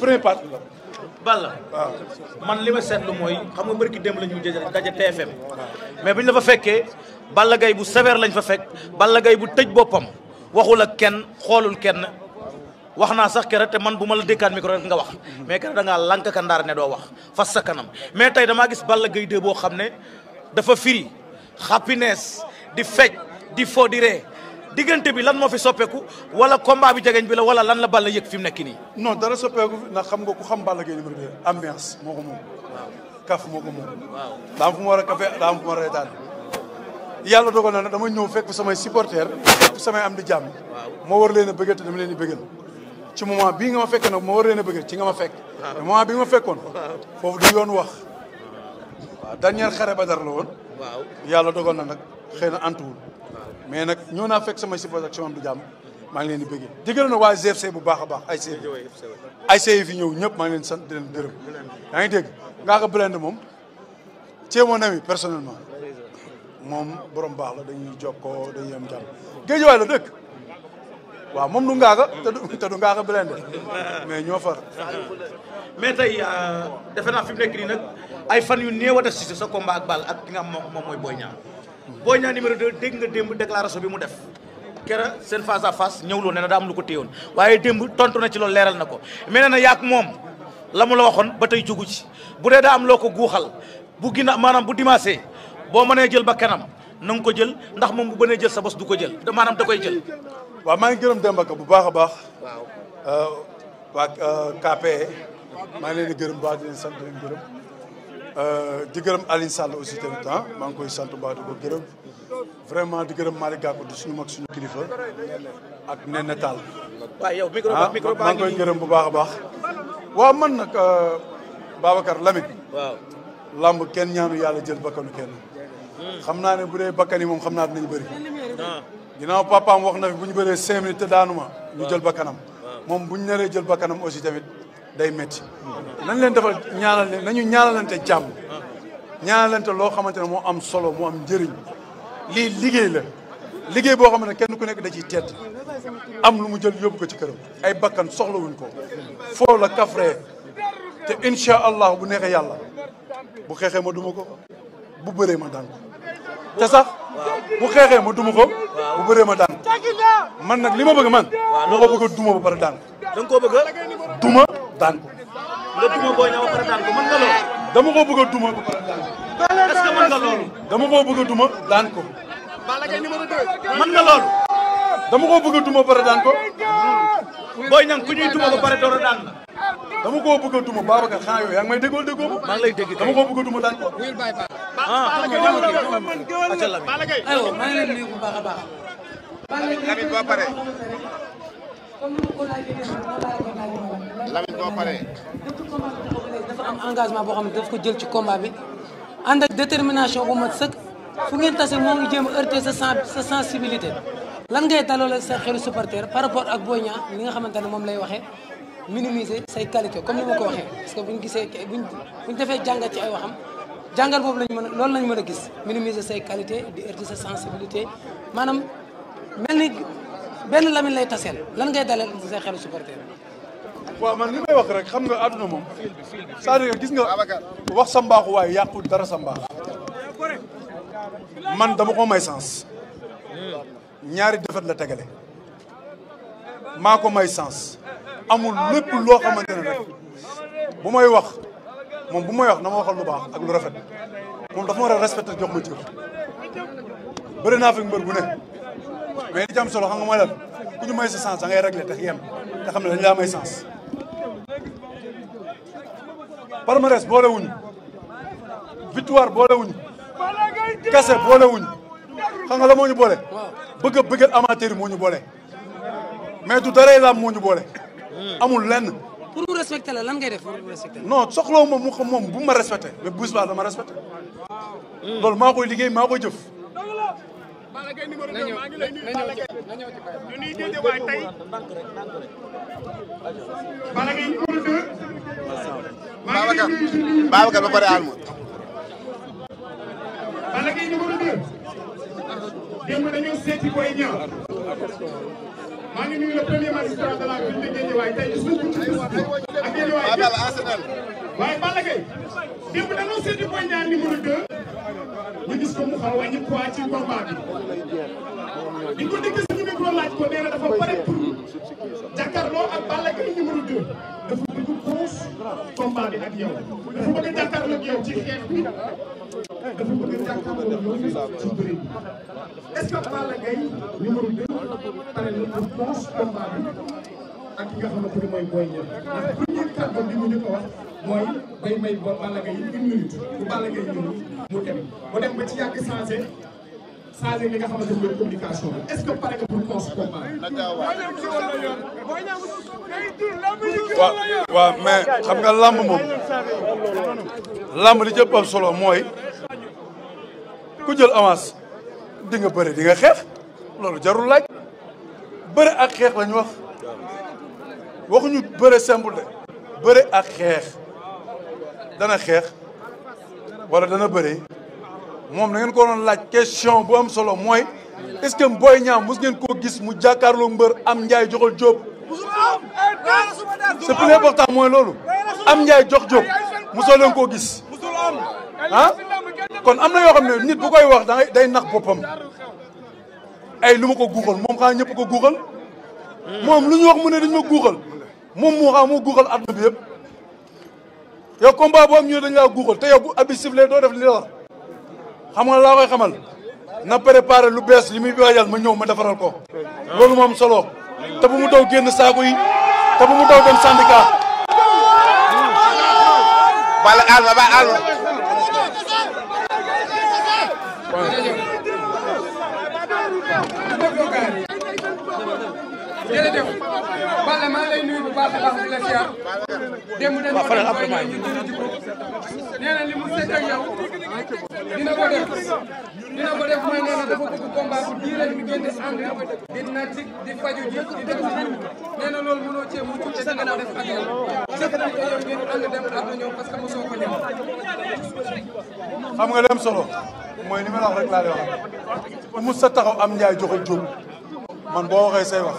premier Balla man li ma seetlu mooy xam nga mbër ki démb lañu jëjëf daje TFM. mais bu ñu la fa fekkee Balla gay bu sévère lañ fa fekk Balla gay bu tëj boppam waxul ak kenn xoolul kenn wax naa sax keroog te man bu ma la dékkaat micro rek nga wax. mais keroog da ngaa lank ka ndaar ne doo wax fas sa kanam mais tey damaa gis Balla Gaye 2 boo xam ne dafa firi happiness di fecc di fo di ree diggante bi lan moo fi soppeeku wala combat bi jegeñ bi la wala lan la Balla yëg fi mu nekk nii. non dara soppeeku fi ndax xam nga ku xam Balla Gaye numéro moo ko kaf moo ko moom. waaw daa am fu mu war a kafe daa am fu mu war a na ne ñëw fekk samay supporters fekk samay am di jàmm. moo war leen a bëggal te dama leen di bëggal. ci moment bii nga ma fekk nag moo war leen a bëggal ci nga ma fekk. waaw moment bii nga ma fekkoon. foofu du yoon wax. waaw dernier xare Badar la woon. waaw yàlla dogal na nag xëy na antuwul mais nag ñoo naa fekk sama support ak sama am du jàmm maa ngi leen di bëgg digal na waa GFC bu baax a baax ASC ASC yi fi ñëw ñëpp maa ngi leen sant di yaa ngi dégg ngaa ko blende moom c'est mon personnellement moom borom baax la dañuy jokkoo dañuy am jàmm géejuwaay la dëkk waaw moom du ngaaga te du te du ngaaga mais ñoo far mais tey euh, defe naa fi mu nekk nii nag ay fan yu néew a des sa combat ak Balla ak ki nga xam moom mooy Boy Niang boo Niang numéro 2 dégg nga démb déclaration bi mu def kera seen face à face ñëwloo nee na daa am lu ko téyewoon waaye démb tontu na ci loolu leeral na ko mais nee na yaak moom la mu la waxoon ba tey jógu ci bu dee daa am loo ko guuxal bu ginnaaw maanaam bu dimanche boo mënee jël ba kenam na ko jël ndax moom bu mënee jël sa bos du ko jël maanaam da koy jël. waaw maa ngi gërëm Demba bu baax a baax. waaw euh, waa euh, KPE maa ngi leen di baax di sant Euh, di gërëm Alioune aussi tamit ah maa koy sant baax di ko vraiment di gërëm Malick Gakou di suñu mag suñu kilifa ak Néné Tall. waaw yow micro ah, micro koy gërëm bu baax a baax. waaw man nag euh, Babacar Lamine. waaw lamb kenn ñaanu yàlla jël bakkanu kenn. xam naa ne bu dee bakkan yi moom xam naa dinañ bëri. ginnaaw papaam wax na fi bu ñu bëree cinq minutes te daanuma ñu jël bakkanam. moom bu ñu naree jël bakkanam aussi tamit. day métti nan leen defal ñaanal leen nañu ñaanalante jàmm ñaanalante loo xamante ne moo am solo moo am njëriñ lii liggéey la liggéey boo xam ne kenn ku nekk da ciy tedd am lu mu jël yóbbu ko ci këram ay bakkan soxlawuñ ko foo la te incha allah bu neexee yàlla bu xeexee ma duma ko bu bëree ma daan ko te sax bu xeexee ma duma ko bu bëree ma daan ko man nag li ma bëgg man moo ko bëgg duma ba pare daan ko bëgg duma daan ko. nga Boy dama ko bëgg duma est-ce que nga loolu. dama ko bëgg duma ko. numéro 2. nga dama ko bëgg duma ko. Boy Niang ku ñuy duma ba pare door a dama ko bëgg a duma Babacar xanaa yooyu yaa ngi may déggoo déggoo ma. maa lay dégg dama ko bëgg duma ko. lay baax ko Lamine boo paree. dafa am engagement boo xam ne daf ko jël ci combat bi ànd ak détermination bu mat sëkk fu ngeen tase moo ngi jéem a heurter sa sa sensibilité lan ngay daloo sa xelu supporter par rapport ak Boy Niang li nga xamante ne moom lay waxee minimiser say qualité comme ni ma ko waxee parce que bu ñu gisee buñ bu ñu defee jàngat ci ay waxam jàngal boobu lañ mën a loolu lañ mën a gis minimiser say qualité di heurter sa sensibilité maanaam mel ni benn Lamine lay taseel lan ngay dalal sa xelu supporter. waaw man li may wax rek xam nga àdduna moom c'est-à-dire gis nga wax sa mbaaxu waaye yàqul dara sa mbaax man dama ko may sens ñaari defet la tegale maa ko may sens amul lépp loo xamante ne rek bu may wax moom bu may wax na ma waxal lu baax ak lu rafet moom dafa war a respecté jox ma cër bëri naa fi mbër bu ne mais li ci solo xam nga mooy lan ku ñu may sa sens da ngay réglé te yem te xam ne dañ laa may sens palmarès boole wuñu victoire boole wuñu kase boole wuñu xam nga la moo ñu boole bëgg a bëggal amateur yi moo ñu boole mais du daray laam moo ñu boole amul lenn pour mu respecter la lan ngay def non soxlawu moom mu xam moom bu ma respecté mais bu subaa ma respecté loolu maa koy liggéey maa koy jëf Balla Gaye numéro 2 maa ngi lay nuyu Balla Gaye ñu nuyu géej waay tey Balla Gaye numéro 2 maa ngi lay nuyu suñu Babacar ba pare aal ma Balla Gaye numéro 2 démb dañoo seeti Boy Niang maa de la ville ñu gis ko mu xaw a wàññi poids ci combat micro laaj ko nee na dafa pare pour jàkkaarloo ak Balla Gaye numéro 2. dafa bëgg pause combat o ak yow dafa bëgg a jàkkaarloo o yow ci xeex bi dafa bëgg o jàkkaarloo ak yow ci bëri bi est-ce que Balla Gaye numéro 2 pare na pour pause combat bi ak ki nga Moy, day may ba Balla Gaye une minute bu Balla Gaye ñëw mu dem mu dem ba ci yàgg changé changé li nga xamante ne mooy communication bi est-ce que pare nga pour cons combat waaw waaw mais xam nga làmb moom làmb li jëpp am solo mooy ku jël avance di nga bëri di nga xeex loolu jarul laaj bëri ak xeex lañu wax waxuñu bëre simple de bëre ak xeex dana xex wala dana beure mom na ngeen ko won laaj question bu am solo moy est-ce que mboy Niang mus ngeen ko gis mu jakarlo mbeur am njaay joxol job c'est plus important moy lolu am njaay jox jóob mosoo leen ko gis ah kon am na yo xam nit bu koy wax day nax boppam ay luma ko google mom xanaa ñep ko google mom luñu wax mu ne dañ ma google mom mu xaa moo guuxal àdduna bi yëpp yow combat boo am ñu dañ laa guuxal te yow a abi sifle doo def li la xam nga laa koy xamal na préparé lu bees li muy waajal ma ñëw ma defaral ko loolu moom solo te bu mu daw génn saako yi te bu mu daw dem syndicat bala alma ba alma jërëjëf Balla maa lay nuyu bu a baax di la siyaar démb dañu mooy nee na li mu seet ak dina ko def bu diir rek ñu faju ji di def ci nee na loolu mënoo cee mu tuuti dina ko def ak yow jëf nañ ko yow ngeen dem ànd ñëw parce mosoo ko xam nga solo mooy li ma la wax rek laa lay mu sa taxaw am njaay joxe jóg man boo waxee say wax.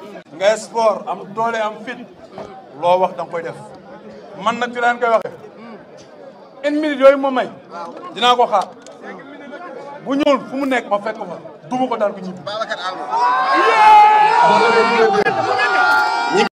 nga sport am doole am fit loo wax dang koy def man na fi leen koy waxee une minute yooyu ma may dinaa ko xaar bu ñuul fu mu nekk ma fekk fa duma ko daal ko ñibbi. Babacar Allo.